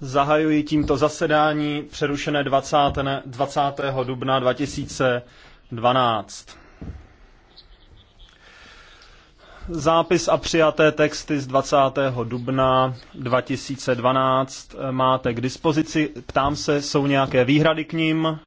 Zahajuji tímto zasedání přerušené 20. 20. dubna 2012. Zápis a přijaté texty z 20. dubna 2012 máte k dispozici. Ptám se, jsou nějaké výhrady k nim?